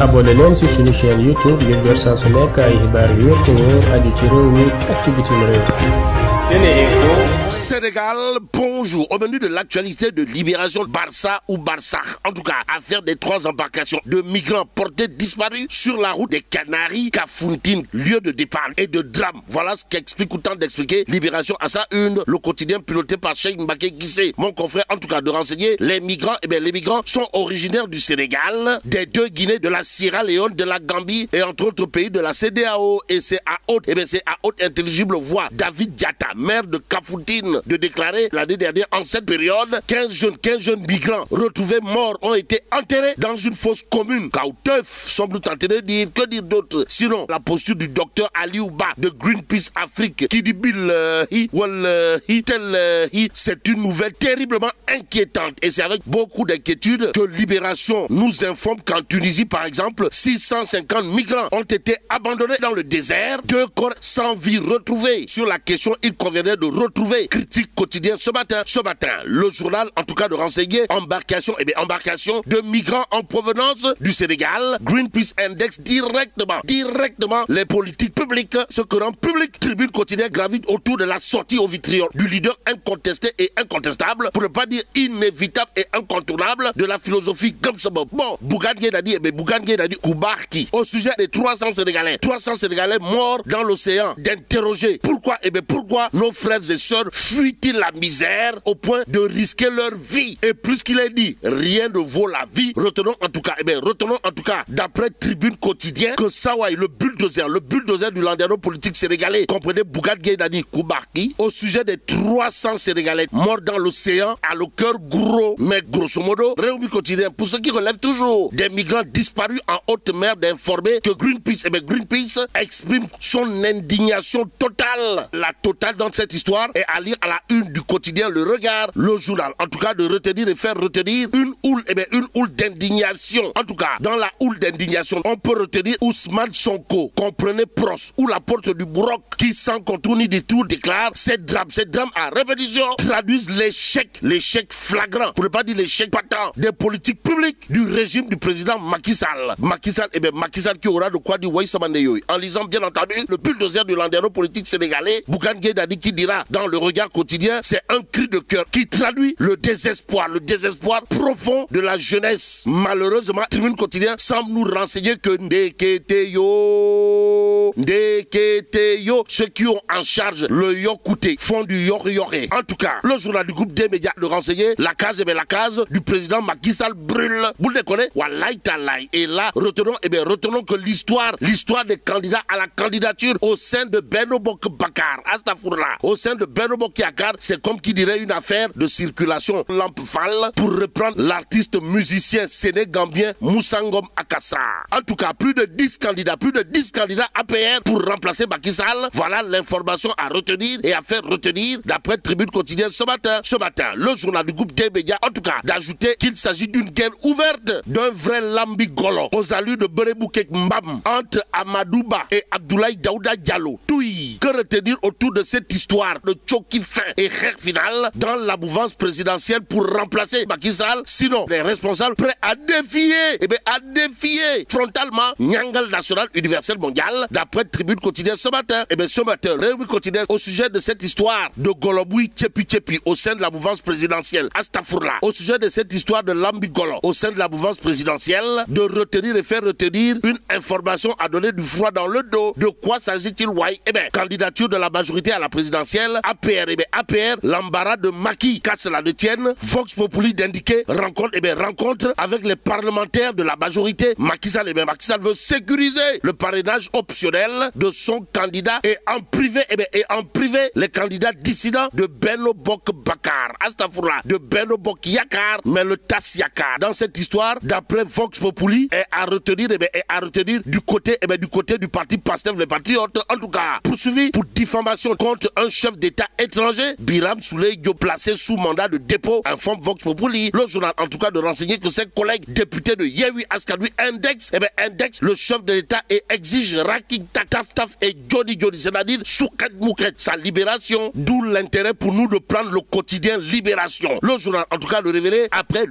abonné Sénégal, bonjour. Au menu de l'actualité de Libération, Barça ou Barça, en tout cas, affaire des trois embarcations de migrants portés disparus sur la route des Canaries, Cafountine, lieu de départ et de drame. Voilà ce qu'explique ou tente d'expliquer Libération à une, le quotidien piloté par Cheikh Mbaké Guissé. Mon confrère, en tout cas, de renseigner les migrants, et eh les migrants sont originaires du Sénégal, des deux Guinées de la Sierra Leone, de la Gambie et entre autres pays de la CDAO. Et eh c'est à haute, intelligible voix David Diatta, maire de Cafoutine, de déclarer l'année dernière en cette période 15 jeunes, migrants retrouvés morts ont été enterrés dans une fosse commune. Kauteuf semble tenter de dire que dire d'autre. Sinon, la posture du docteur Ali Ouba de Greenpeace Afrique qui dit Bill euh, Hi, Wall euh, Hi, Tel euh, Hi, c'est une nouvelle terriblement inquiétante. Et c'est avec beaucoup d'inquiétude que Libération exemple, 650 migrants ont été abandonnés dans le désert, deux corps sans vie retrouvés. Sur la question, il convenait de retrouver critique quotidienne ce matin. le journal, en tout cas, de renseigner embarcation, et eh bien embarcation de migrants en provenance du Sénégal. Greenpeace index directement, directement les politiques publiques, ce que rend public. Tribune quotidienne gravite autour de la sortie au vitriol du leader incontesté et incontestable, pour ne pas dire inévitable de la philosophie Gumsabop. Bon, Bougan Tanguy Dadi Koubarki au sujet des 300 Sénégalais, 300 Sénégalais morts dans l'océan, d'interroger pourquoi et eh pourquoi nos frères et sœurs fuient-ils la misère au point de risquer leur vie. Et plus qu'il est dit, rien ne vaut la vie. Retenons en tout cas, eh et d'après Tribune Quotidien, que Sawai, le bulldozer, le bulldozer du landerneau politique sénégalais, comprenez Bougat Gaydani Koubarki, au sujet des Sénégalais morts dans l'océan, à le cœur gros, mais grosso modo, Réumi paru en haute mer d'informer que eh Greenpeace, exprime son indignation totale. La totale dans cette histoire est à lire à la une du quotidien Le Regard, le journal. En tout cas, de retenir et faire retenir une houle, eh d'indignation. En tout cas, dans la houle d'indignation, on peut retenir Ousmane Sonko, comprenez Pros, ou la porte du Bourroc, qui sans contour ni détour déclare ces drames, ces drames à répétition traduisent l'échec, l'échec flagrant, pour ne pas dire Sall. Macky Sall, eh bien Macky Sall qui aura de quoi dire Way En lisant bien entendu le bulldozer du landéro politique sénégalais, Bougan Dadi qui dira dans le regard quotidien, c'est un cri de cœur qui traduit le désespoir, profond de la jeunesse. Malheureusement, Tribune quotidien semble nous renseigner que Ndeketeyo, Ndeketeyo, ceux qui ont en charge le Yokouté font du Yoré En tout cas, le journal du groupe des médias de renseigner la case, eh la case du Et retenons, eh que l'histoire, des candidats à la candidature au sein de Benobok Bakar, au sein de Benobok c'est comme qui dirait une affaire de circulation lampe pour reprendre l'artiste musicien sénégambien Moussangom Akassa. En tout cas, plus de 10 candidats, plus de 10 candidats APR pour remplacer Bakissal. Voilà l'information à retenir et à faire retenir d'après Tribune quotidienne ce matin. Ce matin, le journal du groupe des médias, Mbolo Rosalie de Bereboukek Mbam entre Amadouba et Abdoulaye Daouda Diallo. Touy, que retenir autour de cette histoire de choc fin et règle finale dans la mouvance présidentielle pour remplacer Macky Sall Sinon, les responsables prêts à défier, eh bien à défier frontalement Nyangal National Universel Mondial d'après Tribune quotidienne ce matin. Eh bien ce matin, Réunion quotidienne au sujet de cette histoire de Goloboui Tchepi Tchepi au sein de la mouvance présidentielle. Astafourla, au sujet retenir et faire retenir une information à donner du froid dans le dos. De quoi s'agit-il, Wai Eh bien, candidature de la majorité à la présidentielle, APR. Eh APR, l'embarras de Maki, qu'à cela ne tienne, Vox Populi d'indiquer rencontre, eh bien, rencontre avec les parlementaires de la majorité. Macky Sall, eh bien, veut sécuriser le parrainage optionnel de son candidat et en privé, eh en privé, les candidats dissidents de Bello Bok Bakar, Astafoura, de Bello Bok Yakar, mais le Tas Yakar. Dans cette histoire, d'après Vox Populi, est à retenir et eh à retenir du côté et eh du côté du parti Pastef les patriotes en tout cas poursuivi pour diffamation contre un chef d'État étranger Biram Souley Diop placé sous mandat de dépôt informe Vox Populi le journal en tout cas de renseigner que ses collègues députés de Yewwi Askan eh index le chef de l'État et exige Raking Taf Taf et Jody Jody c'est-à-dire Souket sa libération d'où l'intérêt pour nous de prendre le quotidien Libération le journal en tout cas de révéler après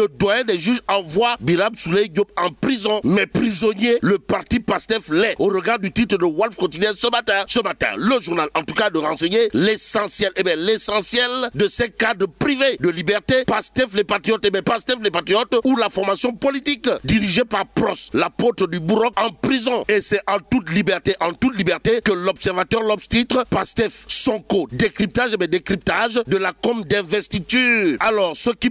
le doyen des juges envoie Biram Souley Diop en prison. le parti Pastef l'est. Au regard du titre de Wolf quotidien ce matin, le journal, en tout cas, de renseigner l'essentiel, eh bien, l'essentiel de ces cadres privés de liberté, Pastef les patriotes, eh bien, Pastef les patriotes, ou la formation politique dirigée par Pros, l'apôtre du Bourroc, en prison. Et c'est en toute liberté, en toute liberté, que l'observateur l'obstitre, Pastef, Sonko, décryptage, eh décryptage de la com d'investiture. Alors, ce qui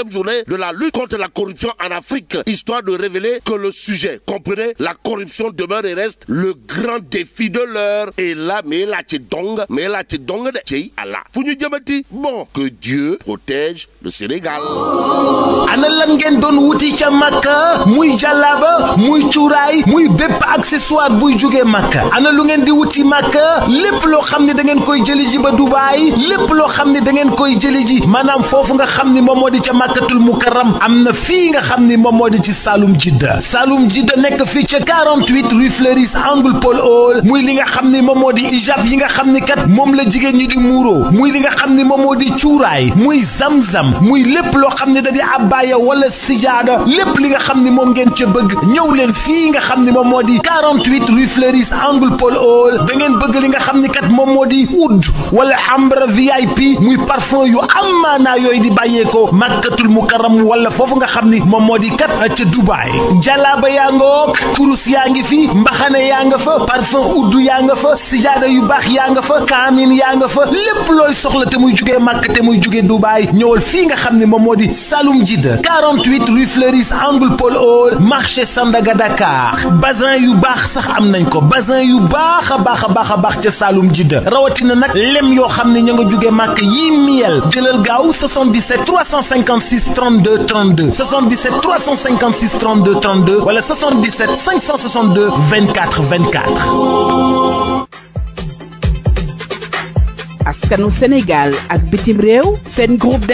deuxième journée de la lutte contre la corruption en Afrique, histoire de révéler que le sujet, comprenez, la corruption demeure et reste le grand défi de l'heure. Et là, mais là, tu dong, mais là, tu dong de Tchéi Allah. Founou Diamati, bon, que Dieu protège le Sénégal. ana lan ngeen doon wuti ca Makka muy jàllaaba muy cuuraay muy bépp accessoire buy jógee Makka ana lu ngeen di wuti Makka lépp loo xam ne da ngeen koy jëli ji ba Dubaay lépp loo xam ne da ngeen koy jëli ji maanaam foofu nga xam makkatul mukarram am na fii nga xam ni moom moo di ci Saloum Jidda Saloum Jidda nekk fii ca 48 rue Fleuris angle Paul Hall muy li nga xam ni moom moo di ijab yi nga xam ni kat moom la jigéen ñi di muuro muy li nga xam ni moom moo di cuuraay muy zamzam muy lépp loo xam ni da di abbaaya wala sijaada lépp li nga xam ni moom ngeen ca bëgg ñëw leen fii nga xam ni moom moo di 48 rue Fleuris angle Paul Hall da ngeen bëgg li nga xam ni kat moom moo di oud wala ambre VIP muy parfum yu yooyu di bàyyeekoo màkk madinatul mukarram wala foofu nga xam ni moom moo di kat ca Dubaay jalaaba yaa nga wook kurus yaa ngi fi mbaxane yaa nga fa parfum uddu yaa nga fa sijaada yu baax yaa nga fa kaamin yaa nga fa lépp looy soxla te muy jugee màkk te muy jugee Dubaay ñëwal fii nga xam ne moom moo di Saloum Jidda 48 rue Fleuris angle Paul Hall marché Sandaga Dakar bazin yu baax sax am nañ ko bazin yu baax a baax a baax a baax ca Saloum Jidda rawatina nag lem yoo xam ne ña nga jugee màkk yii miel jëlal gaaw 77 350 356 32 32 77 356 32 32 wala 77 562 24 24. askanu Sénégal ak bitim réew seen groupe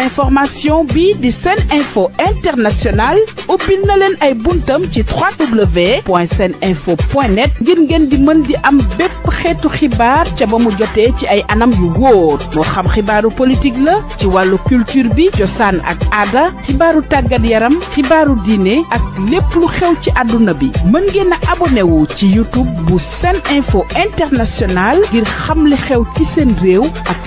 bi di seen info international ubbil na ay buntam ci www seen info ngir ngeen di mën di am bépp xeetu xibaar ca ba mu jotee ci ay anam yu wóor moo xam xibaaru politique la ci wàllu culture bi cosaan ak aada xibaaru tàggat yaram xibaaru diine ak lépp lu xew ci àdduna bi mën ngeen a abonné ci YouTube bu seen info international ngir xam li xew ci seen réew ak